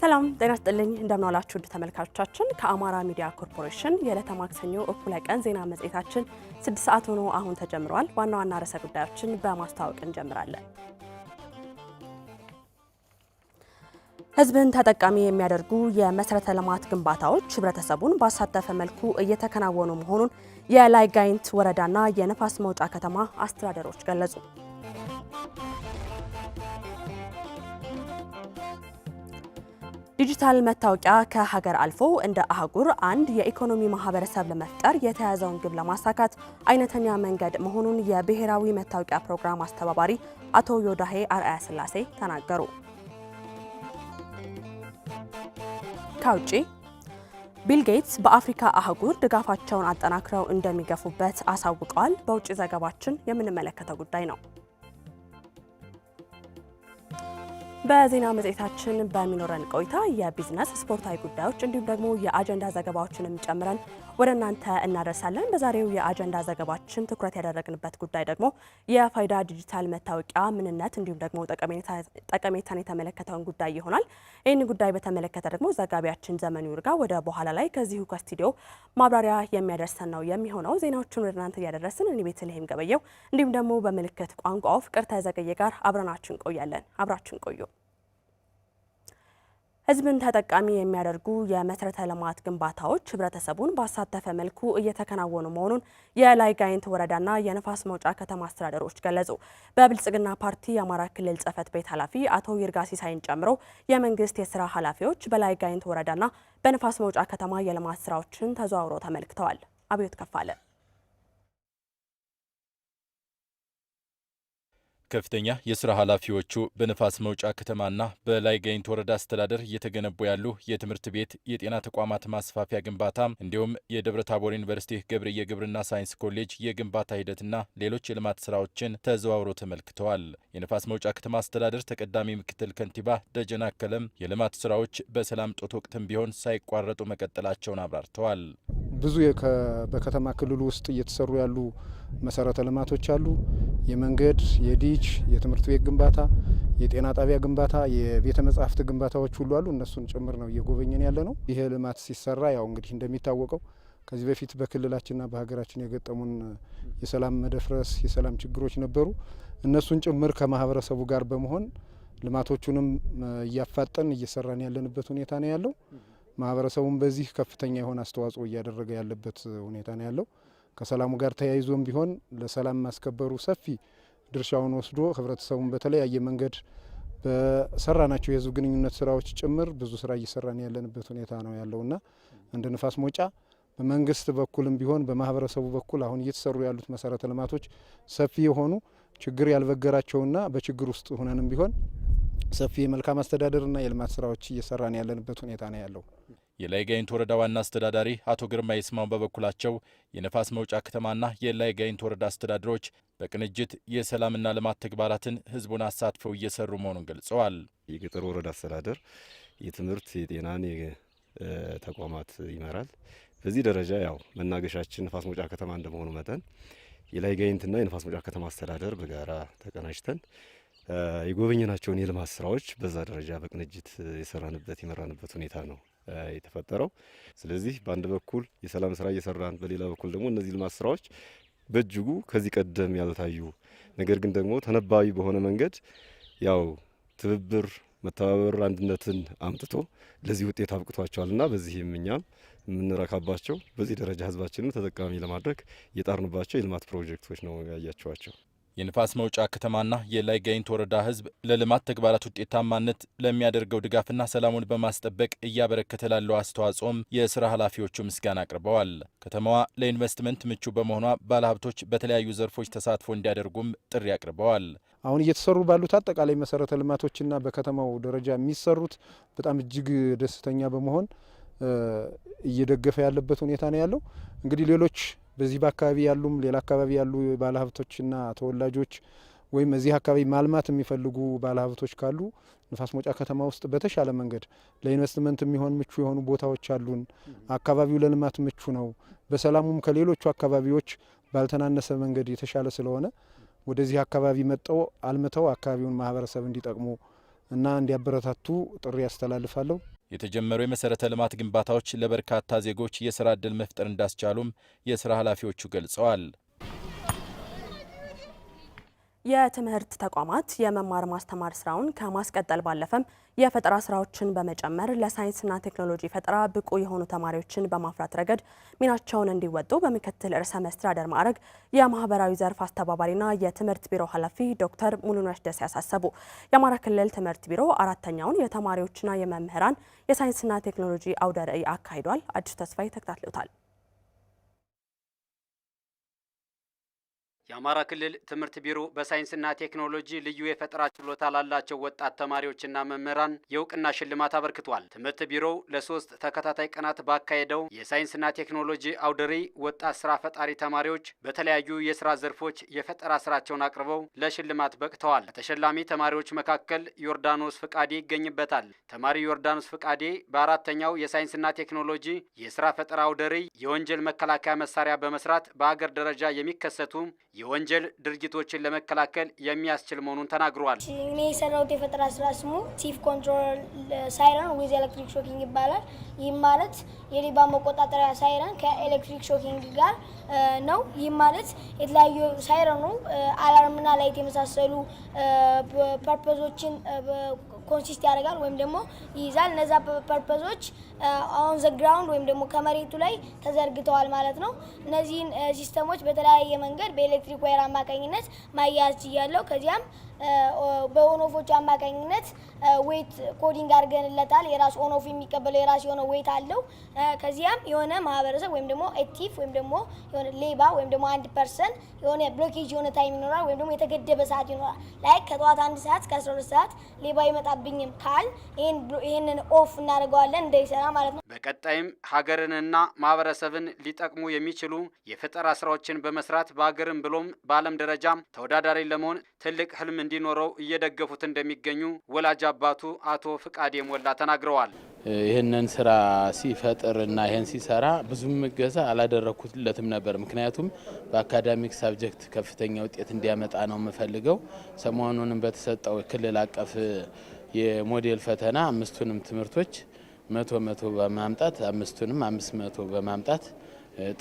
ሰላም ጤና ስጥልኝ እንደምናላችሁ ውድ ተመልካቾቻችን፣ ከአማራ ሚዲያ ኮርፖሬሽን የዕለተ ማክሰኞ እኩለ ቀን ዜና መጽሔታችን ስድስት ሰዓት ሆኖ አሁን ተጀምሯል። ዋና ዋና ርዕሰ ጉዳዮችን በማስተዋወቅ እንጀምራለን። ሕዝብን ተጠቃሚ የሚያደርጉ የመሰረተ ልማት ግንባታዎች ህብረተሰቡን ባሳተፈ መልኩ እየተከናወኑ መሆኑን የላይጋይንት ወረዳና የነፋስ መውጫ ከተማ አስተዳደሮች ገለጹ። ዲጂታል መታወቂያ ከሀገር አልፎ እንደ አህጉር አንድ የኢኮኖሚ ማህበረሰብ ለመፍጠር የተያዘውን ግብ ለማሳካት አይነተኛ መንገድ መሆኑን የብሔራዊ መታወቂያ ፕሮግራም አስተባባሪ አቶ ዮዳሄ አርአያ ስላሴ ተናገሩ። ከውጪ ቢል ጌትስ በአፍሪካ አህጉር ድጋፋቸውን አጠናክረው እንደሚገፉበት አሳውቀዋል። በውጭ ዘገባችን የምንመለከተው ጉዳይ ነው። በዜና መጽሔታችን በሚኖረን ቆይታ የቢዝነስ ስፖርታዊ ጉዳዮች እንዲሁም ደግሞ የአጀንዳ ዘገባዎችንም ጨምረን ወደ እናንተ እናደርሳለን። በዛሬው የአጀንዳ ዘገባችን ትኩረት ያደረግንበት ጉዳይ ደግሞ የፋይዳ ዲጂታል መታወቂያ ምንነት እንዲሁም ደግሞ ጠቀሜታን የተመለከተውን ጉዳይ ይሆናል። ይህን ጉዳይ በተመለከተ ደግሞ ዘጋቢያችን ዘመኑ ይርጋ ወደ በኋላ ላይ ከዚሁ ከስቱዲዮ ማብራሪያ የሚያደርሰን ነው የሚሆነው። ዜናዎቹን ወደ እናንተ እያደረስን እኔ ቤተልሔም ገበየው እንዲሁም ደግሞ በምልክት ቋንቋው ፍቅርተ ዘገየ ጋር አብረናችሁ እንቆያለን። አብራችሁ ቆዩ። ህዝብን ተጠቃሚ የሚያደርጉ የመሰረተ ልማት ግንባታዎች ህብረተሰቡን ባሳተፈ መልኩ እየተከናወኑ መሆኑን የላይ ጋይንት ወረዳና የንፋስ መውጫ ከተማ አስተዳደሮች ገለጹ። በብልጽግና ፓርቲ የአማራ ክልል ጽህፈት ቤት ኃላፊ አቶ ይርጋ ሲሳይን ጨምሮ የመንግስት የስራ ኃላፊዎች በላይ ጋይንት ወረዳና በንፋስ መውጫ ከተማ የልማት ስራዎችን ተዘዋውረው ተመልክተዋል። አብዮት ከፋለ ከፍተኛ የስራ ኃላፊዎቹ በንፋስ መውጫ ከተማና በላይ ጋይንት ወረዳ አስተዳደር እየተገነቡ ያሉ የትምህርት ቤት፣ የጤና ተቋማት ማስፋፊያ ግንባታ እንዲሁም የደብረ ታቦር ዩኒቨርሲቲ ገብር የግብርና ሳይንስ ኮሌጅ የግንባታ ሂደትና ሌሎች የልማት ስራዎችን ተዘዋውሮ ተመልክተዋል። የንፋስ መውጫ ከተማ አስተዳደር ተቀዳሚ ምክትል ከንቲባ ደጀና አከለም የልማት ስራዎች በሰላም ጦት ወቅትም ቢሆን ሳይቋረጡ መቀጠላቸውን አብራርተዋል። ብዙ በከተማ ክልሉ ውስጥ እየተሰሩ ያሉ መሰረተ ልማቶች አሉ። የመንገድ፣ የዲች፣ የትምህርት ቤት ግንባታ፣ የጤና ጣቢያ ግንባታ፣ የቤተ መጻሕፍት ግንባታዎች ሁሉ አሉ። እነሱን ጭምር ነው እየጎበኘን ያለ ነው። ይሄ ልማት ሲሰራ ያው እንግዲህ እንደሚታወቀው ከዚህ በፊት በክልላችንና በሀገራችን የገጠሙን የሰላም መደፍረስ፣ የሰላም ችግሮች ነበሩ። እነሱን ጭምር ከማህበረሰቡ ጋር በመሆን ልማቶቹንም እያፋጠን እየሰራን ያለንበት ሁኔታ ነው ያለው። ማህበረሰቡም በዚህ ከፍተኛ የሆነ አስተዋጽኦ እያደረገ ያለበት ሁኔታ ነው ያለው። ከሰላሙ ጋር ተያይዞም ቢሆን ለሰላም ማስከበሩ ሰፊ ድርሻውን ወስዶ ህብረተሰቡን በተለያየ መንገድ በሰራ ናቸው የህዝብ ግንኙነት ስራዎች ጭምር ብዙ ስራ እየሰራን ያለንበት ሁኔታ ነው ያለውና እንደ ንፋስ መውጫ በመንግስት በኩልም ቢሆን በማህበረሰቡ በኩል አሁን እየተሰሩ ያሉት መሰረተ ልማቶች ሰፊ የሆኑ ችግር ያልበገራቸውና በችግር ውስጥ ሁነንም ቢሆን ሰፊ የመልካም አስተዳደርና የልማት ስራዎች እየሰራን ያለንበት ሁኔታ ነው ያለው። የላይ ጋይንት ወረዳ ዋና አስተዳዳሪ አቶ ግርማ ይስማው በበኩላቸው የነፋስ መውጫ ከተማና የላይ ጋይንት ወረዳ አስተዳደሮች በቅንጅት የሰላምና ልማት ተግባራትን ህዝቡን አሳትፈው እየሰሩ መሆኑን ገልጸዋል። የገጠር ወረዳ አስተዳደር የትምህርት፣ የጤናን ተቋማት ይመራል። በዚህ ደረጃ ያው መናገሻችን ነፋስ መውጫ ከተማ እንደመሆኑ መጠን የላይ ጋይንትና የነፋስ መውጫ ከተማ አስተዳደር በጋራ ተቀናጅተን የጎበኘናቸውን የልማት ስራዎች በዛ ደረጃ በቅንጅት የሰራንበት የመራንበት ሁኔታ ነው የተፈጠረው። ስለዚህ በአንድ በኩል የሰላም ስራ እየሰራን፣ በሌላ በኩል ደግሞ እነዚህ ልማት ስራዎች በእጅጉ ከዚህ ቀደም ያልታዩ ነገር ግን ደግሞ ተነባቢ በሆነ መንገድ ያው ትብብር መተባበር አንድነትን አምጥቶ ለዚህ ውጤት አብቅቷቸዋልና በዚህም እኛም የምንረካባቸው በዚህ ደረጃ ህዝባችንም ተጠቃሚ ለማድረግ የጣርንባቸው የልማት ፕሮጀክቶች ነው ያያቸዋቸው። የንፋስ መውጫ ከተማና የላይ ጋይንት ወረዳ ህዝብ ለልማት ተግባራት ውጤታማነት ለሚያደርገው ድጋፍና ሰላሙን በማስጠበቅ እያበረከተ ላለው አስተዋጽኦም የስራ ኃላፊዎቹ ምስጋና አቅርበዋል። ከተማዋ ለኢንቨስትመንት ምቹ በመሆኗ ባለሀብቶች በተለያዩ ዘርፎች ተሳትፎ እንዲያደርጉም ጥሪ አቅርበዋል። አሁን እየተሰሩ ባሉት አጠቃላይ መሰረተ ልማቶችና በከተማው ደረጃ የሚሰሩት በጣም እጅግ ደስተኛ በመሆን እየደገፈ ያለበት ሁኔታ ነው ያለው። እንግዲህ ሌሎች በዚህ በአካባቢ ያሉም ሌላ አካባቢ ያሉ ባለሀብቶችና ተወላጆች ወይም እዚህ አካባቢ ማልማት የሚፈልጉ ባለሀብቶች ካሉ ንፋስ መውጫ ከተማ ውስጥ በተሻለ መንገድ ለኢንቨስትመንት የሚሆን ምቹ የሆኑ ቦታዎች አሉን። አካባቢው ለልማት ምቹ ነው። በሰላሙም ከሌሎቹ አካባቢዎች ባልተናነሰ መንገድ የተሻለ ስለሆነ ወደዚህ አካባቢ መጠው አልምተው አካባቢውን ማህበረሰብ እንዲጠቅሙ እና እንዲያበረታቱ ጥሪ ያስተላልፋለሁ። የተጀመሩ የመሰረተ ልማት ግንባታዎች ለበርካታ ዜጎች የስራ ዕድል መፍጠር እንዳስቻሉም የስራ ኃላፊዎቹ ገልጸዋል። የትምህርት ተቋማት የመማር ማስተማር ስራውን ከማስቀጠል ባለፈም የፈጠራ ስራዎችን በመጨመር ለሳይንስና ቴክኖሎጂ ፈጠራ ብቁ የሆኑ ተማሪዎችን በማፍራት ረገድ ሚናቸውን እንዲወጡ በምክትል ርዕሰ መስተዳደር ማዕረግ የማህበራዊ ዘርፍ አስተባባሪና የትምህርት ቢሮ ኃላፊ ዶክተር ሙሉነሽ ደሴ ያሳሰቡ። የአማራ ክልል ትምህርት ቢሮ አራተኛውን የተማሪዎችና የመምህራን የሳይንስና ቴክኖሎጂ አውደ ርዕይ አካሂዷል። አዲሱ ተስፋዬ ተከታትሎታል። የአማራ ክልል ትምህርት ቢሮ በሳይንስና ቴክኖሎጂ ልዩ የፈጠራ ችሎታ ላላቸው ወጣት ተማሪዎችና መምህራን የእውቅና ሽልማት አበርክቷል። ትምህርት ቢሮው ለሶስት ተከታታይ ቀናት ባካሄደው የሳይንስና ቴክኖሎጂ አውደሪ ወጣት ስራ ፈጣሪ ተማሪዎች በተለያዩ የስራ ዘርፎች የፈጠራ ስራቸውን አቅርበው ለሽልማት በቅተዋል። ከተሸላሚ ተማሪዎች መካከል ዮርዳኖስ ፍቃዴ ይገኝበታል። ተማሪ ዮርዳኖስ ፍቃዴ በአራተኛው የሳይንስና ቴክኖሎጂ የስራ ፈጠራ አውደሪ የወንጀል መከላከያ መሳሪያ በመስራት በአገር ደረጃ የሚከሰቱ የወንጀል ድርጊቶችን ለመከላከል የሚያስችል መሆኑን ተናግረዋል። እኔ የሰራሁት የፈጠራ ስራ ስሙ ቲፍ ኮንትሮል ሳይረን ዊዝ ኤሌክትሪክ ሾኪንግ ይባላል። ይህም ማለት የሌባ መቆጣጠሪያ ሳይረን ከኤሌክትሪክ ሾኪንግ ጋር ነው። ይህም ማለት የተለያዩ ሳይረኑ አላርምና ላይት የመሳሰሉ ፐርፐዞችን ኮንሲስት ያደርጋል ወይም ደግሞ ይይዛል። እነዛ ፐርፐዞች ኦን ዘ ግራውንድ ወይም ደግሞ ከመሬቱ ላይ ተዘርግተዋል ማለት ነው። እነዚህን uh, ሲስተሞች በተለያየ መንገድ በኤሌክትሪክ ዋይር አማካኝነት ማያያዝ ችያለው። ከዚያም uh, በኦኖፎቹ አማካኝነት ዌት uh, ኮዲንግ አድርገንለታል። የራሱ ኦኖፍ የሚቀበለው የራሱ የሆነ ዌት አለው። ከዚያም የሆነ ማህበረሰብ ወይም ደግሞ ኤቲፍ ወይም ደግሞ የሆነ ሌባ ወይም ደግሞ አንድ ፐርሰን የሆነ ብሎኬጅ የሆነ ታይም ይኖራል፣ ወይም ደግሞ የተገደበ ሰዓት ይኖራል። ላይክ ከጠዋት አንድ ሰዓት እስከ አስራ ሁለት ሰዓት ሌባ አይመጣብኝም ካል ይህንን ኦፍ እናደርገዋለን እንደይሰራ ማለት ነው። በቀጣይም ሀገርንና ማህበረሰብን ሊጠቅሙ የሚችሉ የፈጠራ ስራዎችን በመስራት በሀገርም ብሎም በዓለም ደረጃም ተወዳዳሪ ለመሆን ትልቅ ህልም እንዲኖረው እየደገፉት እንደሚገኙ ወላጅ አባቱ አቶ ፍቃዴ ሞላ ተናግረዋል። ይህንን ስራ ሲፈጥር እና ይህን ሲሰራ ብዙም እገዛ አላደረግኩለትም ነበር። ምክንያቱም በአካዳሚክ ሳብጀክት ከፍተኛ ውጤት እንዲያመጣ ነው የምፈልገው። ሰሞኑንም በተሰጠው ክልል አቀፍ የሞዴል ፈተና አምስቱንም ትምህርቶች መቶ መቶ በማምጣት አምስቱንም አምስት መቶ በማምጣት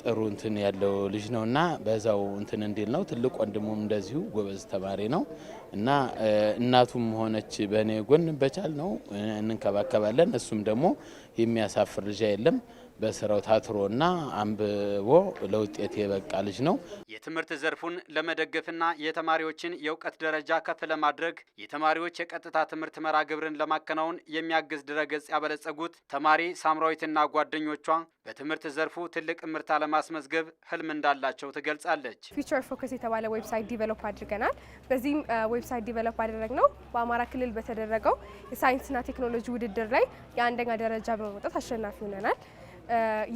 ጥሩ እንትን ያለው ልጅ ነው እና በዛው እንትን እንዲል ነው። ትልቅ ወንድሙም እንደዚሁ ጎበዝ ተማሪ ነው እና እናቱም ሆነች በእኔ ጎን በቻል ነው እንንከባከባለን። እሱም ደግሞ የሚያሳፍር ልጅ የለም። በስራው ታትሮና አንብቦ ለውጤት የበቃ ልጅ ነው። የትምህርት ዘርፉን ለመደገፍና የተማሪዎችን የእውቀት ደረጃ ከፍ ለማድረግ የተማሪዎች የቀጥታ ትምህርት መራግብርን ግብርን ለማከናወን የሚያግዝ ድረገጽ ያበለጸጉት ተማሪ ሳምራዊትና ጓደኞቿ በትምህርት ዘርፉ ትልቅ ምርታ ለማስመዝገብ ህልም እንዳላቸው ትገልጻለች። ፊውቸር ፎከስ የተባለ ዌብሳይት ዲቨሎፕ አድርገናል። በዚህም ዌብሳይት ዲቨሎፕ አደረግነው በአማራ ክልል በተደረገው የሳይንስና ቴክኖሎጂ ውድድር ላይ የአንደኛ ደረጃ በመውጣት አሸናፊ ሆነናል።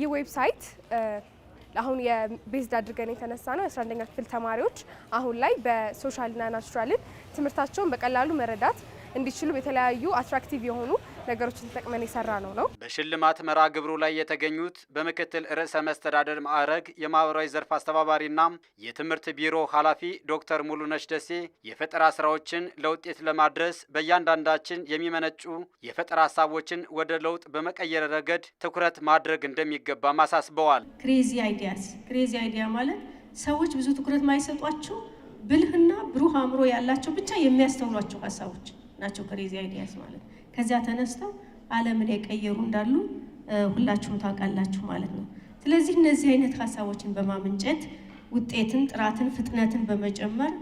ይህ ዌብሳይት አሁን የቤዝድ አድርገን የተነሳ ነው። የአስራ አንደኛ ክፍል ተማሪዎች አሁን ላይ በሶሻልና ናቹራልን ትምህርታቸውን በቀላሉ መረዳት እንዲችሉ የተለያዩ አትራክቲቭ የሆኑ ነገሮችን ተጠቅመን የሰራ ነው ነው። በሽልማት መራ ግብሩ ላይ የተገኙት በምክትል ርዕሰ መስተዳደር ማዕረግ የማህበራዊ ዘርፍ አስተባባሪና የትምህርት ቢሮ ኃላፊ ዶክተር ሙሉነሽ ደሴ የፈጠራ ስራዎችን ለውጤት ለማድረስ በእያንዳንዳችን የሚመነጩ የፈጠራ ሀሳቦችን ወደ ለውጥ በመቀየር ረገድ ትኩረት ማድረግ እንደሚገባም አሳስበዋል። ክሬዚ አይዲያስ ክሬዚ አይዲያ ማለት ሰዎች ብዙ ትኩረት ማይሰጧቸው ብልህና ብሩህ አእምሮ ያላቸው ብቻ የሚያስተውሏቸው ሀሳቦች ናቸው ክሬዚ አይዲያስ ማለት። ከዚያ ተነስተው አለምን የቀየሩ እንዳሉ ሁላችሁም ታውቃላችሁ ማለት ነው። ስለዚህ እነዚህ አይነት ሀሳቦችን በማመንጨት ውጤትን፣ ጥራትን፣ ፍጥነትን በመጨመር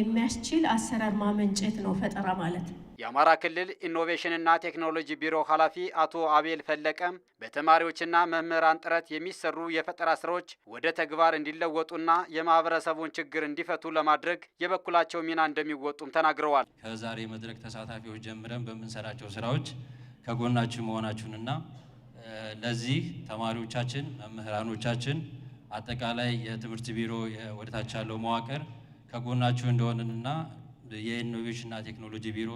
የሚያስችል አሰራር ማመንጨት ነው ፈጠራ ማለት ነው። የአማራ ክልል ኢኖቬሽንና ቴክኖሎጂ ቢሮ ኃላፊ አቶ አቤል ፈለቀ በተማሪዎችና መምህራን ጥረት የሚሰሩ የፈጠራ ስራዎች ወደ ተግባር እንዲለወጡና የማህበረሰቡን ችግር እንዲፈቱ ለማድረግ የበኩላቸው ሚና እንደሚወጡም ተናግረዋል። ከዛሬ መድረክ ተሳታፊዎች ጀምረን በምንሰራቸው ስራዎች ከጎናችሁ መሆናችሁንና ለዚህ ተማሪዎቻችን፣ መምህራኖቻችን፣ አጠቃላይ የትምህርት ቢሮ ወደታች ያለው መዋቅር ከጎናችሁ እንደሆንንና የኢኖቬሽንና ቴክኖሎጂ ቢሮ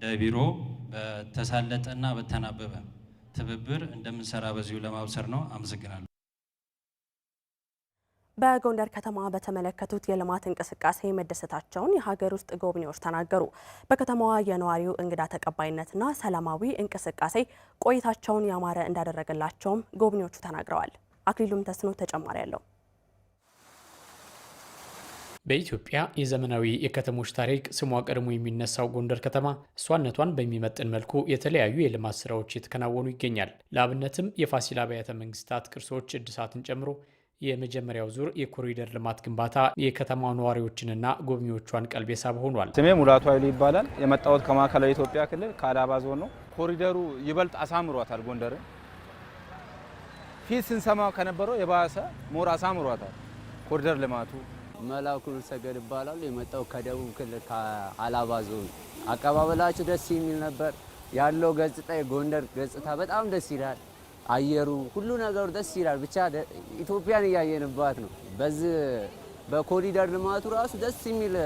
እንደ ቢሮ በተሳለጠ ና በተናበበ ትብብር እንደምንሰራ በዚሁ ለማብሰር ነው። አመሰግናለሁ። በጎንደር ከተማ በተመለከቱት የልማት እንቅስቃሴ መደሰታቸውን የሀገር ውስጥ ጎብኚዎች ተናገሩ። በከተማዋ የነዋሪው እንግዳ ተቀባይነትና ሰላማዊ እንቅስቃሴ ቆይታቸውን ያማረ እንዳደረገላቸውም ጎብኚዎቹ ተናግረዋል። አክሊሉም ተስኖ ተጨማሪ አለው። በኢትዮጵያ የዘመናዊ የከተሞች ታሪክ ስሟ ቀድሞ የሚነሳው ጎንደር ከተማ እሷነቷን በሚመጥን መልኩ የተለያዩ የልማት ስራዎች የተከናወኑ ይገኛል። ለአብነትም የፋሲል አብያተ መንግስታት ቅርሶች እድሳትን ጨምሮ የመጀመሪያው ዙር የኮሪደር ልማት ግንባታ የከተማው ነዋሪዎችንና ጎብኚዎቿን ቀልብ የሳበ ሆኗል። ስሜ ሙላቱ ኃይሉ ይባላል። የመጣሁት ከማዕከላዊ ኢትዮጵያ ክልል ከአላባ ዞን ነው። ኮሪደሩ ይበልጥ አሳምሯታል። ጎንደርን ፊት ስንሰማ ከነበረው የባሰ ሞር አሳምሯታል። ኮሪደር ልማቱ መላኩ ሰገድ ይባላሉ። የመጣው ከደቡብ ክልል ከአላባ ዞን። አቀባበላችሁ ደስ የሚል ነበር። ያለው ገጽታ የጎንደር ገጽታ በጣም ደስ ይላል። አየሩ፣ ሁሉ ነገሩ ደስ ይላል። ብቻ ኢትዮጵያን እያየንባት ነው። በዚህ በኮሪደር ልማቱ ራሱ ደስ የሚል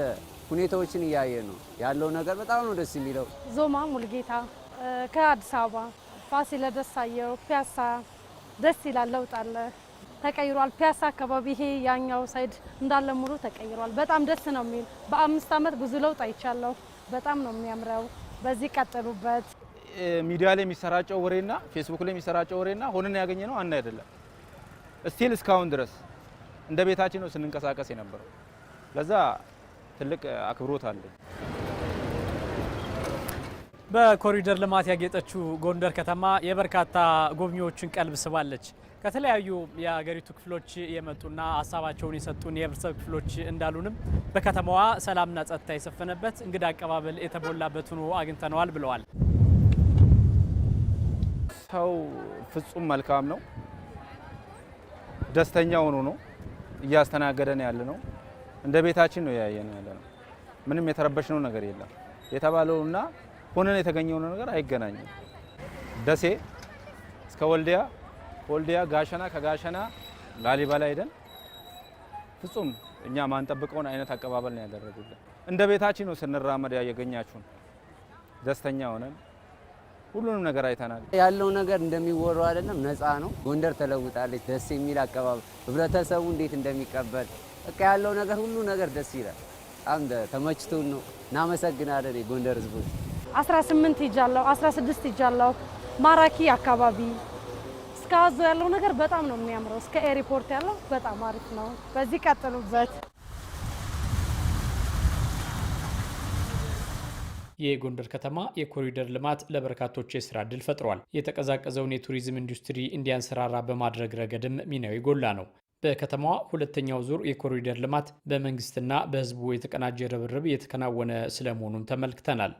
ሁኔታዎችን እያየን ነው። ያለው ነገር በጣም ነው ደስ የሚለው። ዞማ ሙልጌታ ከአዲስ አበባ ፋሲለደስ አየው ፒያሳ ደስ ይላል። ለውጥ አለ ተቀይሯል። ፒያሳ አካባቢ ይሄ ያኛው ሳይድ እንዳለ ሙሉ ተቀይሯል። በጣም ደስ ነው የሚል። በአምስት አመት ብዙ ለውጥ አይቻለሁ። በጣም ነው የሚያምረው። በዚህ ቀጥሉበት። ሚዲያ ላይ የሚሰራጨው ወሬና ፌስቡክ ላይ የሚሰራጨው ወሬና ሆነን ያገኘ ነው አና አይደለም። ስቲል እስካሁን ድረስ እንደ ቤታችን ነው ስንንቀሳቀስ የነበረው። ለዛ ትልቅ አክብሮት አለኝ። በኮሪደር ልማት ያጌጠችው ጎንደር ከተማ የበርካታ ጎብኚዎችን ቀልብ ስባለች። ከተለያዩ የሀገሪቱ ክፍሎች የመጡና ሀሳባቸውን የሰጡን የህብረተሰብ ክፍሎች እንዳሉንም በከተማዋ ሰላምና ጸጥታ የሰፈነበት እንግዳ አቀባበል የተሞላበት ሆኖ አግኝተነዋል ብለዋል። ሰው ፍጹም መልካም ነው። ደስተኛ ሆኖ ነው እያስተናገደን ያለ ነው። እንደ ቤታችን ነው ያየን ያለ ነው። ምንም የተረበሽነው ነገር የለም። የተባለውና ሆነን የተገኘው ነገር አይገናኝም። ደሴ እስከ ወልዲያ ከወልዲያ ጋሸና፣ ከጋሸና ላሊበላ ሄደን ፍጹም እኛ ማንጠብቀውን አይነት አቀባበል ነው ያደረጉልን። እንደ ቤታችን ነው ስንራመድ ያገኛችሁን። ደስተኛ ሆነን ሁሉንም ነገር አይተናል። ያለው ነገር እንደሚወራው አይደለም፣ ነፃ ነው። ጎንደር ተለውጣለች። ደስ የሚል አቀባበል፣ ህብረተሰቡ እንዴት እንደሚቀበል በቃ ያለው ነገር ሁሉ ነገር ደስ ይላል። በጣም ተመችቶን ነው። እናመሰግናለን የጎንደር ህዝቦች። 18 ይጃለሁ፣ 16 ይጃለሁ። ማራኪ አካባቢ እስከ ያለው ነገር በጣም ነው የሚያምረው። እስከ ኤርፖርት ያለው በጣም አሪፍ ነው። በዚህ ቀጥሉበት። የጎንደር ከተማ የኮሪደር ልማት ለበርካቶች የስራ እድል ፈጥሯል። የተቀዛቀዘውን የቱሪዝም ኢንዱስትሪ እንዲያንሰራራ በማድረግ ረገድም ሚናው የጎላ ነው። በከተማዋ ሁለተኛው ዙር የኮሪደር ልማት በመንግስትና በህዝቡ የተቀናጀ ርብርብ እየተከናወነ ስለመሆኑም ተመልክተናል።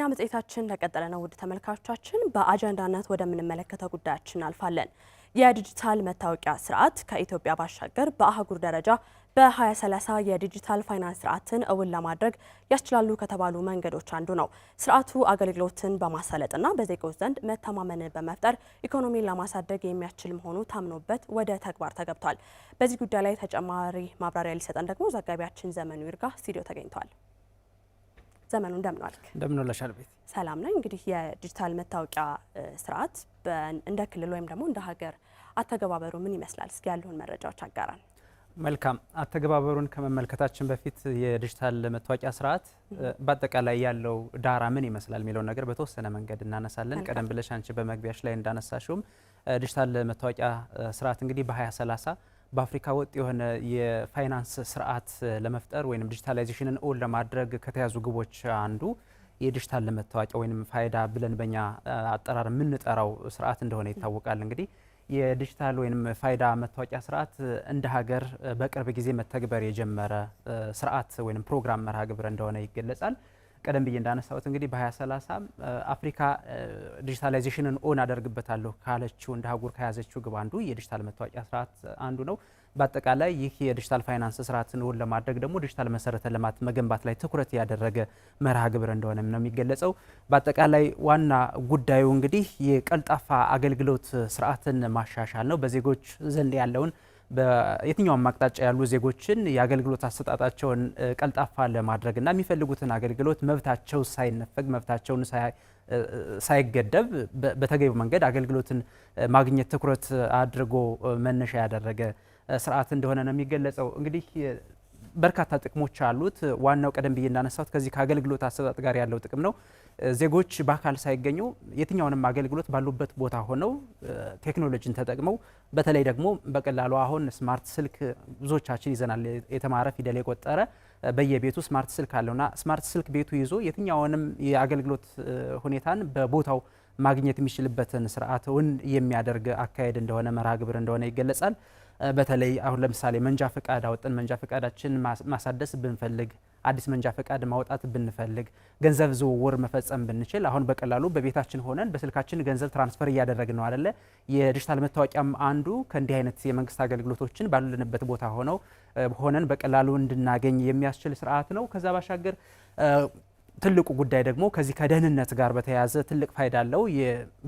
የዜና መጽሔታችን ተቀጠለ ነው። ውድ ተመልካቾቻችን በአጀንዳነት ወደምንመለከተው ጉዳያችን እናልፋለን። የዲጂታል መታወቂያ ስርዓት ከኢትዮጵያ ባሻገር በአህጉር ደረጃ በ2030 የዲጂታል ፋይናንስ ስርዓትን እውን ለማድረግ ያስችላሉ ከተባሉ መንገዶች አንዱ ነው። ስርዓቱ አገልግሎትን በማሳለጥና በዜጎች ዘንድ መተማመንን በመፍጠር ኢኮኖሚን ለማሳደግ የሚያስችል መሆኑ ታምኖበት ወደ ተግባር ተገብቷል። በዚህ ጉዳይ ላይ ተጨማሪ ማብራሪያ ሊሰጠን ደግሞ ዘጋቢያችን ዘመኑ ይርጋ ስቱዲዮ ተገኝቷል። ዘመኑ እንደምን ዋልክ? እንደምን ዋልሻል ቤት? ሰላም ነኝ። እንግዲህ የዲጂታል መታወቂያ ስርዓት እንደ ክልል ወይም ደግሞ እንደ ሀገር አተገባበሩ ምን ይመስላል? እስኪ ያለውን መረጃዎች አጋራል። መልካም። አተገባበሩን ከመመልከታችን በፊት የዲጂታል መታወቂያ ስርዓት በአጠቃላይ ያለው ዳራ ምን ይመስላል የሚለውን ነገር በተወሰነ መንገድ እናነሳለን። ቀደም ብለሽ አንቺ በመግቢያሽ ላይ እንዳነሳሽውም ዲጂታል መታወቂያ ስርዓት እንግዲህ በ2030 በአፍሪካ ወጥ የሆነ የፋይናንስ ስርዓት ለመፍጠር ወይም ዲጂታላይዜሽንን ኦል ለማድረግ ከተያዙ ግቦች አንዱ የዲጂታል ለመታወቂያ ወይም ፋይዳ ብለን በኛ አጠራር የምንጠራው ስርዓት እንደሆነ ይታወቃል። እንግዲህ የዲጂታል ወይም ፋይዳ መታወቂያ ስርዓት እንደ ሀገር በቅርብ ጊዜ መተግበር የጀመረ ስርዓት ወይም ፕሮግራም መርሃ ግብር እንደሆነ ይገለጻል። ቀደም ብዬ እንዳነሳሁት እንግዲህ በሀያ ሰላሳ አፍሪካ ዲጂታላይዜሽንን ኦን አደርግበታለሁ ካለችው እንደ ሀገር ከያዘችው ግብ አንዱ የዲጂታል መታወቂያ ስርዓት አንዱ ነው። በአጠቃላይ ይህ የዲጂታል ፋይናንስ ስርዓትን ውን ለማድረግ ደግሞ ዲጂታል መሰረተ ልማት መገንባት ላይ ትኩረት ያደረገ መርሃ ግብር እንደሆነ ነው የሚገለጸው። በአጠቃላይ ዋና ጉዳዩ እንግዲህ የቀልጣፋ አገልግሎት ስርዓትን ማሻሻል ነው በዜጎች ዘንድ ያለውን በየትኛውም አቅጣጫ ያሉ ዜጎችን የአገልግሎት አሰጣጣቸውን ቀልጣፋ ለማድረግና የሚፈልጉትን አገልግሎት መብታቸው ሳይነፈግ መብታቸውን ሳይገደብ በተገቢው መንገድ አገልግሎትን ማግኘት ትኩረት አድርጎ መነሻ ያደረገ ስርዓት እንደሆነ ነው የሚገለጸው። እንግዲህ በርካታ ጥቅሞች አሉት። ዋናው ቀደም ብዬ እንዳነሳሁት ከዚህ ከአገልግሎት አሰጣጥ ጋር ያለው ጥቅም ነው። ዜጎች በአካል ሳይገኙ የትኛውንም አገልግሎት ባሉበት ቦታ ሆነው ቴክኖሎጂን ተጠቅመው በተለይ ደግሞ በቀላሉ አሁን ስማርት ስልክ ብዙዎቻችን ይዘናል። የተማረ ፊደል የቆጠረ በየቤቱ ስማርት ስልክ አለውና ስማርት ስልክ ቤቱ ይዞ የትኛውንም የአገልግሎት ሁኔታን በቦታው ማግኘት የሚችልበትን ስርዓትን የሚያደርግ አካሄድ እንደሆነ መርሃ ግብር እንደሆነ ይገለጻል። በተለይ አሁን ለምሳሌ መንጃ ፈቃድ አወጥን፣ መንጃ ፈቃዳችን ማሳደስ ብንፈልግ አዲስ መንጃ ፈቃድ ማውጣት ብንፈልግ ገንዘብ ዝውውር መፈጸም ብንችል አሁን በቀላሉ በቤታችን ሆነን በስልካችን ገንዘብ ትራንስፈር እያደረግን ነው አለ። የዲጂታል መታወቂያም አንዱ ከእንዲህ አይነት የመንግስት አገልግሎቶችን ባሉንበት ቦታ ሆነው ሆነን በቀላሉ እንድናገኝ የሚያስችል ስርዓት ነው። ከዛ ባሻገር ትልቁ ጉዳይ ደግሞ ከዚህ ከደህንነት ጋር በተያያዘ ትልቅ ፋይዳ አለው።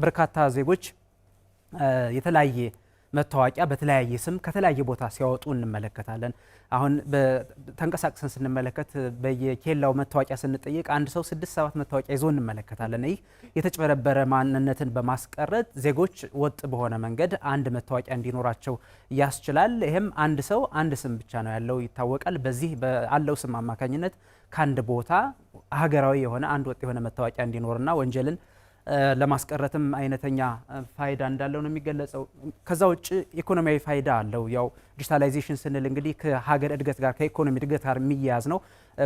በርካታ ዜጎች የተለያየ መታወቂያ በተለያየ ስም ከተለያየ ቦታ ሲያወጡ እንመለከታለን። አሁን ተንቀሳቅሰን ስንመለከት በየኬላው መታወቂያ ስንጠይቅ አንድ ሰው ስድስት ሰባት መታወቂያ ይዞ እንመለከታለን። ይህ የተጭበረበረ ማንነትን በማስቀረት ዜጎች ወጥ በሆነ መንገድ አንድ መታወቂያ እንዲኖራቸው ያስችላል። ይህም አንድ ሰው አንድ ስም ብቻ ነው ያለው ይታወቃል። በዚህ ባለው ስም አማካኝነት ከአንድ ቦታ ሀገራዊ የሆነ አንድ ወጥ የሆነ መታወቂያ እንዲኖርና ወንጀልን ለማስቀረትም አይነተኛ ፋይዳ እንዳለው ነው የሚገለጸው። ከዛ ውጭ ኢኮኖሚያዊ ፋይዳ አለው። ያው ዲጂታላይዜሽን ስንል እንግዲህ ከሀገር እድገት ጋር ከኢኮኖሚ እድገት ጋር የሚያያዝ ነው።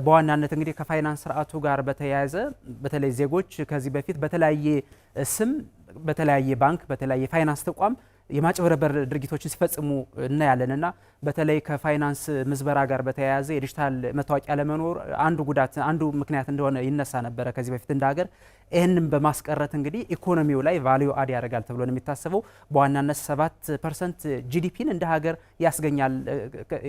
በዋናነት እንግዲህ ከፋይናንስ ስርዓቱ ጋር በተያያዘ በተለይ ዜጎች ከዚህ በፊት በተለያየ ስም በተለያየ ባንክ በተለያየ ፋይናንስ ተቋም የማጭበረበር ድርጊቶችን ሲፈጽሙ እናያለን እና በተለይ ከፋይናንስ ምዝበራ ጋር በተያያዘ የዲጂታል መታወቂያ ለመኖር አንዱ ጉዳት አንዱ ምክንያት እንደሆነ ይነሳ ነበረ ከዚህ በፊት እንደ ሀገር ይህንም በማስቀረት እንግዲህ ኢኮኖሚው ላይ ቫሊዩ አድ ያደርጋል ተብሎ ነው የሚታሰበው። በዋናነት ሰባት ፐርሰንት ጂዲፒን እንደ ሀገር ያስገኛል፣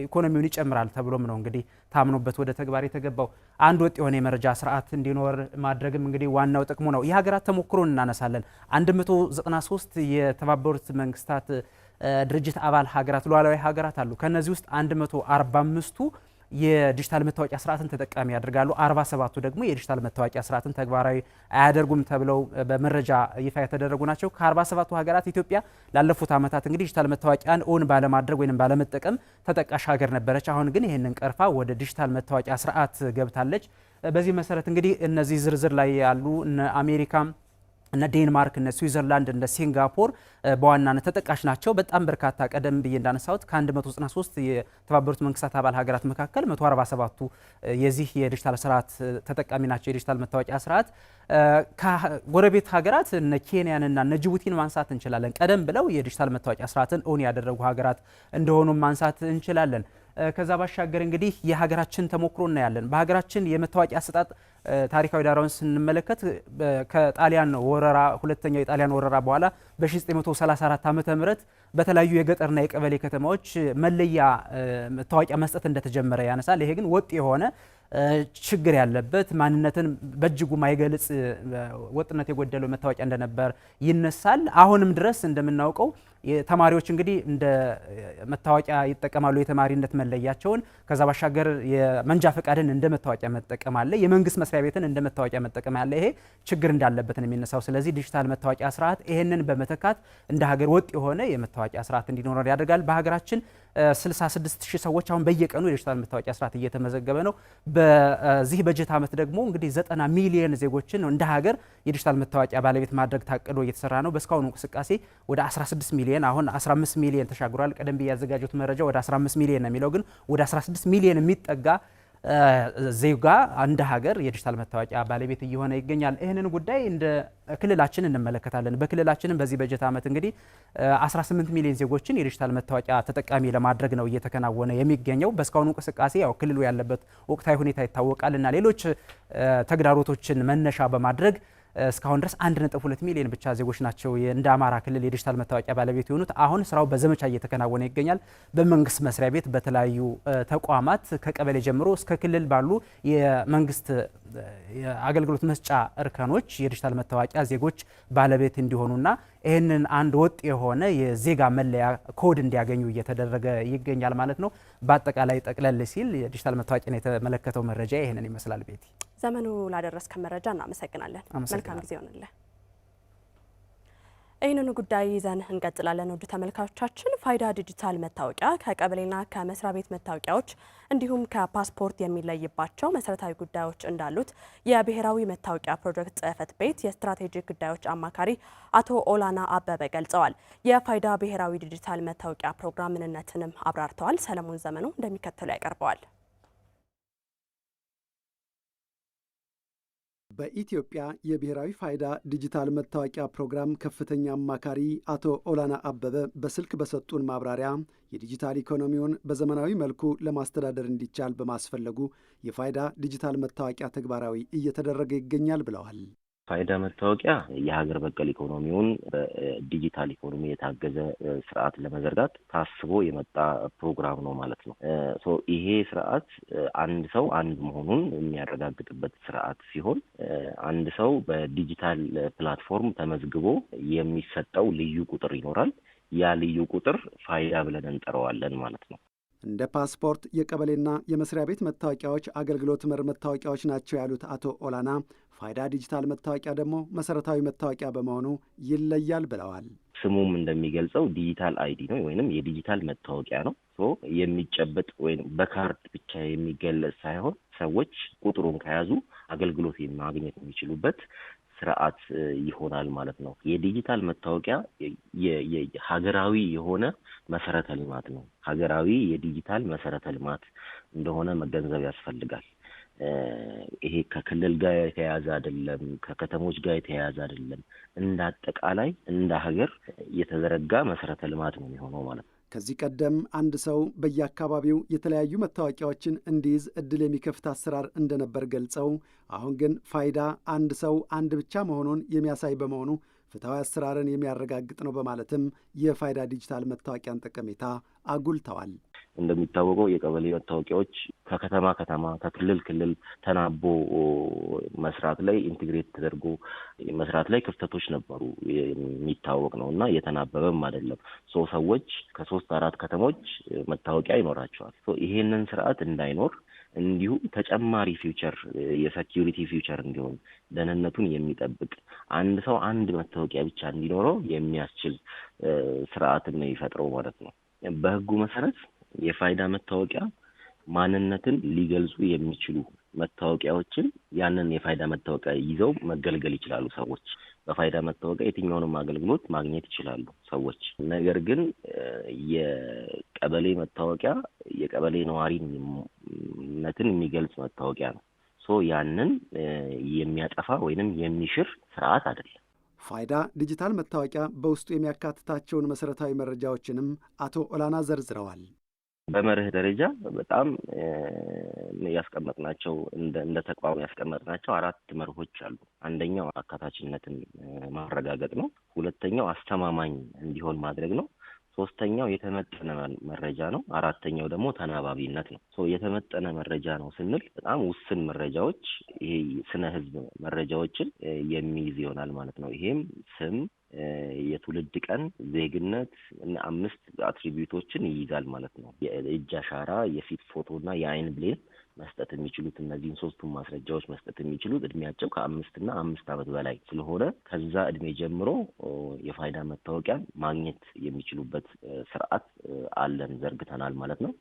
ኢኮኖሚውን ይጨምራል ተብሎም ነው እንግዲህ ታምኖበት ወደ ተግባር የተገባው። አንድ ወጥ የሆነ የመረጃ ስርዓት እንዲኖር ማድረግም እንግዲህ ዋናው ጥቅሙ ነው። የሀገራት ተሞክሮን እናነሳለን። 193 የተባበሩት መንግስታት ድርጅት አባል ሀገራት ሉዓላዊ ሀገራት አሉ። ከእነዚህ ውስጥ 145ቱ የዲጂታል መታወቂያ ስርዓትን ተጠቃሚ ያደርጋሉ። 47ቱ ደግሞ የዲጂታል መታወቂያ ስርዓትን ተግባራዊ አያደርጉም ተብለው በመረጃ ይፋ የተደረጉ ናቸው። ከ47ቱ ሀገራት ኢትዮጵያ ላለፉት ዓመታት እንግዲህ ዲጂታል መታወቂያን እውን ባለማድረግ ወይም ባለመጠቀም ተጠቃሽ ሀገር ነበረች። አሁን ግን ይህንን ቀርፋ ወደ ዲጂታል መታወቂያ ስርዓት ገብታለች። በዚህ መሰረት እንግዲህ እነዚህ ዝርዝር ላይ ያሉ አሜሪካም እነ ዴንማርክ እነ ስዊዘርላንድ እነ ሲንጋፖር በዋናነት ተጠቃሽ ናቸው። በጣም በርካታ ቀደም ብዬ እንዳነሳሁት ከ193 የተባበሩት መንግስታት አባል ሀገራት መካከል 147ቱ የዚህ የዲጂታል ስርዓት ተጠቃሚ ናቸው። የዲጂታል መታወቂያ ስርዓት ከጎረቤት ሀገራት እነ ኬንያንና እነ ጅቡቲን ማንሳት እንችላለን። ቀደም ብለው የዲጂታል መታወቂያ ስርዓትን እውን ያደረጉ ሀገራት እንደሆኑም ማንሳት እንችላለን። ከዛ ባሻገር እንግዲህ የሀገራችን ተሞክሮ እናያለን። በሀገራችን የመታወቂያ አሰጣጥ ታሪካዊ ዳራውን ስንመለከት ከጣሊያን ወረራ ሁለተኛው የጣሊያን ወረራ በኋላ በ1934 ዓ ም በተለያዩ የገጠርና የቀበሌ ከተማዎች መለያ መታወቂያ መስጠት እንደተጀመረ ያነሳል። ይሄ ግን ወጥ የሆነ ችግር ያለበት ማንነትን በእጅጉ ማይገልጽ ወጥነት የጎደለው መታወቂያ እንደነበር ይነሳል። አሁንም ድረስ እንደምናውቀው ተማሪዎች እንግዲህ እንደ መታወቂያ ይጠቀማሉ የተማሪነት መለያቸውን። ከዛ ባሻገር የመንጃ ፈቃድን እንደ መታወቂያ መጠቀም አለ። የመንግስት መስሪያ ቤትን እንደ መታወቂያ መጠቀም አለ። ይሄ ችግር እንዳለበት ነው የሚነሳው። ስለዚህ ዲጂታል መታወቂያ ስርዓት ይሄንን በመተካት እንደ ሀገር ወጥ የሆነ የመታወቂያ ስርዓት እንዲኖረን ያደርጋል። በሀገራችን 66 ሺህ ሰዎች አሁን በየቀኑ የዲጂታል መታወቂያ ስርዓት እየተመዘገበ ነው። በዚህ በጀት ዓመት ደግሞ እንግዲህ 90 ሚሊዮን ዜጎችን እንደ ሀገር የዲጂታል መታወቂያ ባለቤት ማድረግ ታቅዶ እየተሰራ ነው። በእስካሁኑ እንቅስቃሴ ወደ 16 ሚሊዮን ሚሊዮን አሁን 15 ሚሊዮን ተሻግሯል። ቀደም ብዬ ያዘጋጁት መረጃ ወደ 15 ሚሊዮን ነው የሚለው ግን ወደ 16 ሚሊዮን የሚጠጋ ዜጋ አንድ ሀገር የዲጂታል መታወቂያ ባለቤት እየሆነ ይገኛል። ይህንን ጉዳይ እንደ ክልላችን እንመለከታለን። በክልላችንም በዚህ በጀት ዓመት እንግዲህ 18 ሚሊዮን ዜጎችን የዲጂታል መታወቂያ ተጠቃሚ ለማድረግ ነው እየተከናወነ የሚገኘው። በእስካሁኑ እንቅስቃሴ ያው ክልሉ ያለበት ወቅታዊ ሁኔታ እና ሌሎች ተግዳሮቶችን መነሻ በማድረግ እስካሁን ድረስ 1.2 ሚሊዮን ብቻ ዜጎች ናቸው እንደ አማራ ክልል የዲጂታል መታወቂያ ባለቤት የሆኑት። አሁን ስራው በዘመቻ እየተከናወነ ይገኛል። በመንግስት መስሪያ ቤት፣ በተለያዩ ተቋማት ከቀበሌ ጀምሮ እስከ ክልል ባሉ የመንግስት የአገልግሎት መስጫ እርከኖች የዲጂታል መታወቂያ ዜጎች ባለቤት እንዲሆኑና ይህንን አንድ ወጥ የሆነ የዜጋ መለያ ኮድ እንዲያገኙ እየተደረገ ይገኛል ማለት ነው። በአጠቃላይ ጠቅለል ሲል የዲጂታል መታወቂያን የተመለከተው መረጃ ይህንን ይመስላል ቤቲ። ዘመኑ ላደረስከን መረጃ እናመሰግናለን። መልካም ጊዜ ሆንልን። ይህንኑ ጉዳይ ይዘን እንቀጥላለን። ውድ ተመልካቾቻችን፣ ፋይዳ ዲጂታል መታወቂያ ከቀበሌና ከመስሪያ ቤት መታወቂያዎች እንዲሁም ከፓስፖርት የሚለይባቸው መሰረታዊ ጉዳዮች እንዳሉት የብሔራዊ መታወቂያ ፕሮጀክት ጽፈት ቤት የስትራቴጂክ ጉዳዮች አማካሪ አቶ ኦላና አበበ ገልጸዋል። የፋይዳ ብሔራዊ ዲጂታል መታወቂያ ፕሮግራም ምንነትንም አብራርተዋል። ሰለሞን ዘመኑ እንደሚከተለው ያቀርበዋል። በኢትዮጵያ የብሔራዊ ፋይዳ ዲጂታል መታወቂያ ፕሮግራም ከፍተኛ አማካሪ አቶ ኦላና አበበ በስልክ በሰጡን ማብራሪያ የዲጂታል ኢኮኖሚውን በዘመናዊ መልኩ ለማስተዳደር እንዲቻል በማስፈለጉ የፋይዳ ዲጂታል መታወቂያ ተግባራዊ እየተደረገ ይገኛል ብለዋል። ፋይዳ መታወቂያ የሀገር በቀል ኢኮኖሚውን በዲጂታል ኢኮኖሚ የታገዘ ስርዓት ለመዘርጋት ታስቦ የመጣ ፕሮግራም ነው ማለት ነው። ይሄ ስርዓት አንድ ሰው አንድ መሆኑን የሚያረጋግጥበት ስርዓት ሲሆን አንድ ሰው በዲጂታል ፕላትፎርም ተመዝግቦ የሚሰጠው ልዩ ቁጥር ይኖራል። ያ ልዩ ቁጥር ፋይዳ ብለን እንጠራዋለን ማለት ነው። እንደ ፓስፖርት የቀበሌና የመስሪያ ቤት መታወቂያዎች አገልግሎት መር መታወቂያዎች ናቸው ያሉት አቶ ኦላና ፋይዳ ዲጂታል መታወቂያ ደግሞ መሰረታዊ መታወቂያ በመሆኑ ይለያል ብለዋል። ስሙም እንደሚገልጸው ዲጂታል አይዲ ነው ወይንም የዲጂታል መታወቂያ ነው። የሚጨበጥ ወይም በካርድ ብቻ የሚገለጽ ሳይሆን ሰዎች ቁጥሩን ከያዙ አገልግሎት ማግኘት የሚችሉበት ስርዓት ይሆናል ማለት ነው። የዲጂታል መታወቂያ ሀገራዊ የሆነ መሰረተ ልማት ነው። ሀገራዊ የዲጂታል መሰረተ ልማት እንደሆነ መገንዘብ ያስፈልጋል። ይሄ ከክልል ጋር የተያያዘ አይደለም፣ ከከተሞች ጋር የተያያዘ አይደለም። እንደ አጠቃላይ እንደ ሀገር የተዘረጋ መሰረተ ልማት ነው የሚሆነው ማለት ነው። ከዚህ ቀደም አንድ ሰው በየአካባቢው የተለያዩ መታወቂያዎችን እንዲይዝ እድል የሚከፍት አሰራር እንደነበር ገልጸው፣ አሁን ግን ፋይዳ አንድ ሰው አንድ ብቻ መሆኑን የሚያሳይ በመሆኑ ፍትሐዊ አሰራርን የሚያረጋግጥ ነው በማለትም የፋይዳ ዲጂታል መታወቂያን ጠቀሜታ አጉልተዋል። እንደሚታወቀው የቀበሌ መታወቂያዎች ከከተማ ከተማ ከክልል ክልል ተናቦ መስራት ላይ ኢንቴግሬት ተደርጎ መስራት ላይ ክፍተቶች ነበሩ የሚታወቅ ነው እና የተናበበም አይደለም። ሶ ሰዎች ከሶስት አራት ከተሞች መታወቂያ ይኖራቸዋል። ይሄንን ስርዓት እንዳይኖር እንዲሁም ተጨማሪ ፊውቸር የሰኪሪቲ ፊውቸር እንዲሆን ደህንነቱን የሚጠብቅ አንድ ሰው አንድ መታወቂያ ብቻ እንዲኖረው የሚያስችል ስርዓትን ነው ማለት ነው። በህጉ መሰረት የፋይዳ መታወቂያ ማንነትን ሊገልጹ የሚችሉ መታወቂያዎችን ያንን የፋይዳ መታወቂያ ይዘው መገልገል ይችላሉ ሰዎች። በፋይዳ መታወቂያ የትኛውንም አገልግሎት ማግኘት ይችላሉ ሰዎች። ነገር ግን የቀበሌ መታወቂያ የቀበሌ ነዋሪነትን የሚገልጽ መታወቂያ ነው። ሶ ያንን የሚያጠፋ ወይንም የሚሽር ስርዓት አይደለም። ፋይዳ ዲጂታል መታወቂያ በውስጡ የሚያካትታቸውን መሰረታዊ መረጃዎችንም አቶ ኦላና ዘርዝረዋል። በመርህ ደረጃ በጣም ያስቀመጥናቸው እንደ ተቋም ያስቀመጥናቸው አራት መርሆች አሉ። አንደኛው አካታችነትን ማረጋገጥ ነው። ሁለተኛው አስተማማኝ እንዲሆን ማድረግ ነው። ሶስተኛው የተመጠነ መረጃ ነው። አራተኛው ደግሞ ተናባቢነት ነው። የተመጠነ መረጃ ነው ስንል በጣም ውስን መረጃዎች ይሄ ስነ ህዝብ መረጃዎችን የሚይዝ ይሆናል ማለት ነው። ይሄም ስም የትውልድ ቀን፣ ዜግነት እና አምስት አትሪቢዩቶችን ይይዛል ማለት ነው። የእጅ አሻራ፣ የፊት ፎቶ እና የአይን ብሌን መስጠት የሚችሉት እነዚህን ሶስቱን ማስረጃዎች መስጠት የሚችሉት እድሜያቸው ከአምስትና አምስት ዓመት በላይ ስለሆነ ከዛ እድሜ ጀምሮ የፋይዳ መታወቂያን ማግኘት የሚችሉበት ስርዓት አለን ዘርግተናል ማለት ነው።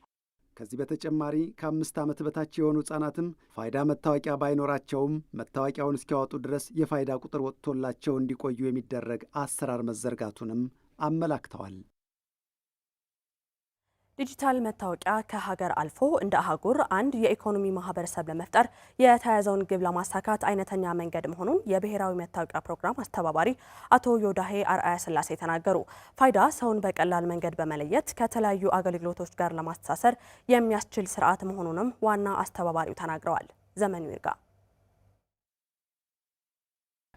ከዚህ በተጨማሪ ከአምስት ዓመት በታች የሆኑ ህጻናትም ፋይዳ መታወቂያ ባይኖራቸውም መታወቂያውን እስኪያወጡ ድረስ የፋይዳ ቁጥር ወጥቶላቸው እንዲቆዩ የሚደረግ አሰራር መዘርጋቱንም አመላክተዋል። ዲጂታል መታወቂያ ከሀገር አልፎ እንደ አህጉር አንድ የኢኮኖሚ ማህበረሰብ ለመፍጠር የተያያዘውን ግብ ለማሳካት አይነተኛ መንገድ መሆኑን የብሔራዊ መታወቂያ ፕሮግራም አስተባባሪ አቶ ዮዳሄ አርአያ ስላሴ ተናገሩ። ፋይዳ ሰውን በቀላል መንገድ በመለየት ከተለያዩ አገልግሎቶች ጋር ለማስተሳሰር የሚያስችል ስርዓት መሆኑንም ዋና አስተባባሪው ተናግረዋል። ዘመኑ ይርጋ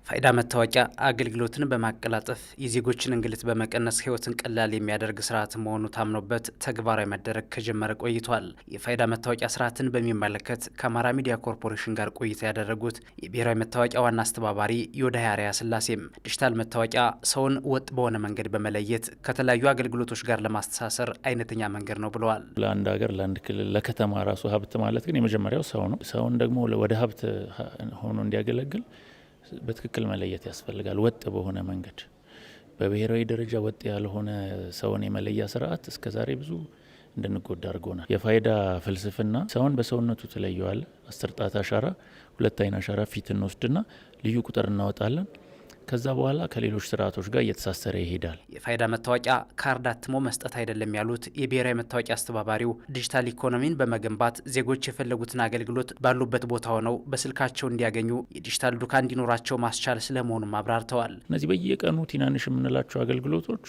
ፋይዳ መታወቂያ አገልግሎትን በማቀላጠፍ የዜጎችን እንግልት በመቀነስ ህይወትን ቀላል የሚያደርግ ስርዓት መሆኑ ታምኖበት ተግባራዊ መደረግ ከጀመረ ቆይቷል። የፋይዳ መታወቂያ ስርዓትን በሚመለከት ከአማራ ሚዲያ ኮርፖሬሽን ጋር ቆይታ ያደረጉት የብሔራዊ መታወቂያ ዋና አስተባባሪ ዮዳሄ አርአያ ስላሴም ዲጂታል መታወቂያ ሰውን ወጥ በሆነ መንገድ በመለየት ከተለያዩ አገልግሎቶች ጋር ለማስተሳሰር አይነተኛ መንገድ ነው ብለዋል። ለአንድ ሀገር፣ ለአንድ ክልል፣ ለከተማ ራሱ ሀብት ማለት ግን የመጀመሪያው ሰው ነው። ሰውን ደግሞ ወደ ሀብት ሆኖ እንዲያገለግል በትክክል መለየት ያስፈልጋል። ወጥ በሆነ መንገድ በብሔራዊ ደረጃ ወጥ ያልሆነ ሰውን የመለያ ስርዓት እስከዛሬ ብዙ እንድንጎዳ አድርጎናል። የፋይዳ ፍልስፍና ሰውን በሰውነቱ ትለየዋል። አስር ጣት አሻራ፣ ሁለት አይን አሻራ ፊት እንወስድና ልዩ ቁጥር እናወጣለን። ከዛ በኋላ ከሌሎች ስርዓቶች ጋር እየተሳሰረ ይሄዳል። የፋይዳ መታወቂያ ካርድ አትሞ መስጠት አይደለም ያሉት የብሔራዊ መታወቂያ አስተባባሪው ዲጂታል ኢኮኖሚን በመገንባት ዜጎች የፈለጉትን አገልግሎት ባሉበት ቦታ ሆነው በስልካቸው እንዲያገኙ የዲጂታል ዱካ እንዲኖራቸው ማስቻል ስለመሆኑም አብራርተዋል። እነዚህ በየቀኑ ትናንሽ የምንላቸው አገልግሎቶች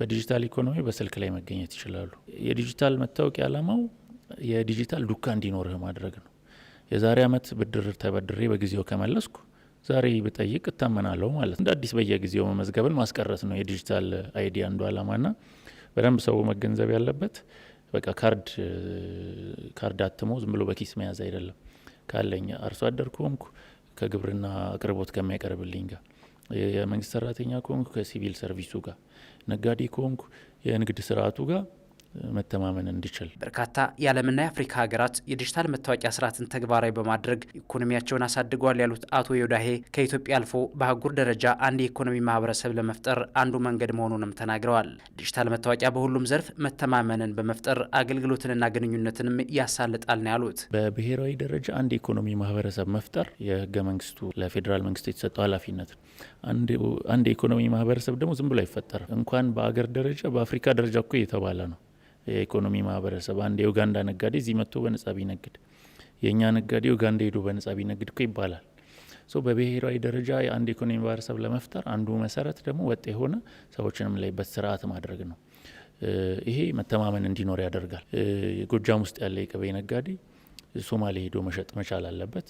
በዲጂታል ኢኮኖሚ በስልክ ላይ መገኘት ይችላሉ። የዲጂታል መታወቂያ ዓላማው የዲጂታል ዱካ እንዲኖርህ ማድረግ ነው። የዛሬ ዓመት ብድር ተበድሬ በጊዜው ከመለስኩ ዛሬ ብጠይቅ እታመናለሁ ማለት ነው። እንደ አዲስ በየጊዜው መመዝገብን ማስቀረት ነው የዲጂታል አይዲ አንዱ ዓላማና በደንብ ሰው መገንዘብ ያለበት በቃ ካርድ ካርድ አትሞ ዝም ብሎ በኪስ መያዝ አይደለም። ካለኝ አርሶ አደር ከሆንኩ ከግብርና አቅርቦት ከሚያቀርብልኝ ጋር፣ የመንግስት ሰራተኛ ከሆንኩ ከሲቪል ሰርቪሱ ጋር፣ ነጋዴ ከሆንኩ የንግድ ስርዓቱ ጋር መተማመን እንዲችል በርካታ የዓለምና የአፍሪካ ሀገራት የዲጂታል መታወቂያ ስርዓትን ተግባራዊ በማድረግ ኢኮኖሚያቸውን አሳድገዋል ያሉት አቶ ዮዳሄ ከኢትዮጵያ አልፎ በአህጉር ደረጃ አንድ የኢኮኖሚ ማህበረሰብ ለመፍጠር አንዱ መንገድ መሆኑንም ተናግረዋል። ዲጂታል መታወቂያ በሁሉም ዘርፍ መተማመንን በመፍጠር አገልግሎትንና ግንኙነትንም ያሳልጣል ነው ያሉት። በብሔራዊ ደረጃ አንድ የኢኮኖሚ ማህበረሰብ መፍጠር የህገ መንግስቱ ለፌዴራል መንግስቱ የተሰጠው ኃላፊነት አንድ የኢኮኖሚ ማህበረሰብ ደግሞ ዝም ብሎ አይፈጠርም። እንኳን በአገር ደረጃ በአፍሪካ ደረጃ እኮ እየተባለ ነው የኢኮኖሚ ማህበረሰብ አንድ የኡጋንዳ ነጋዴ እዚህ መጥቶ በነጻ ቢነግድ የእኛ ነጋዴ ኡጋንዳ ሄዶ በነጻ ቢነግድ እኮ ይባላል። በብሔራዊ ደረጃ የአንድ ኢኮኖሚ ማህበረሰብ ለመፍጠር አንዱ መሰረት ደግሞ ወጥ የሆነ ሰዎችንም የምንለይበት ስርዓት ማድረግ ነው። ይሄ መተማመን እንዲኖር ያደርጋል። ጎጃም ውስጥ ያለ የቅቤ ነጋዴ ሶማሌ ሄዶ መሸጥ መቻል አለበት።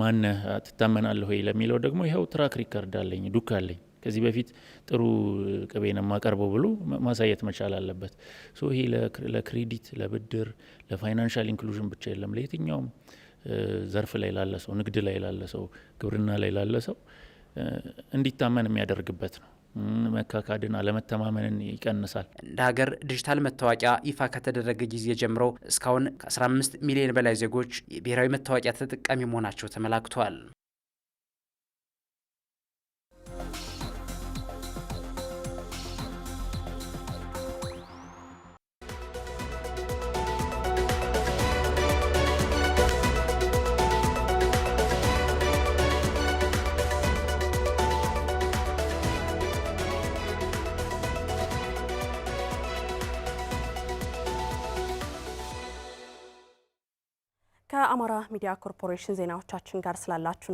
ማነህ ትታመናለሁ ለሚለው ደግሞ ይኸው ትራክ ሪከርድ አለኝ ዱካ አለኝ ከዚህ በፊት ጥሩ ቅቤ ነው የማቀርበው ብሎ ማሳየት መቻል አለበት። ይሄ ለክሬዲት፣ ለብድር፣ ለፋይናንሻል ኢንክሉዥን ብቻ የለም። ለየትኛውም ዘርፍ ላይ ላለ ሰው፣ ንግድ ላይ ላለ ሰው፣ ግብርና ላይ ላለ ሰው እንዲታመን የሚያደርግበት ነው። መካካድን አለመተማመንን ይቀንሳል። እንደ ሀገር ዲጂታል መታወቂያ ይፋ ከተደረገ ጊዜ ጀምሮ እስካሁን ከ15 ሚሊዮን በላይ ዜጎች የብሔራዊ መታወቂያ ተጠቃሚ መሆናቸው ተመላክቷል። ከአማራ ሚዲያ ኮርፖሬሽን ዜናዎቻችን ጋር ስላላችሁና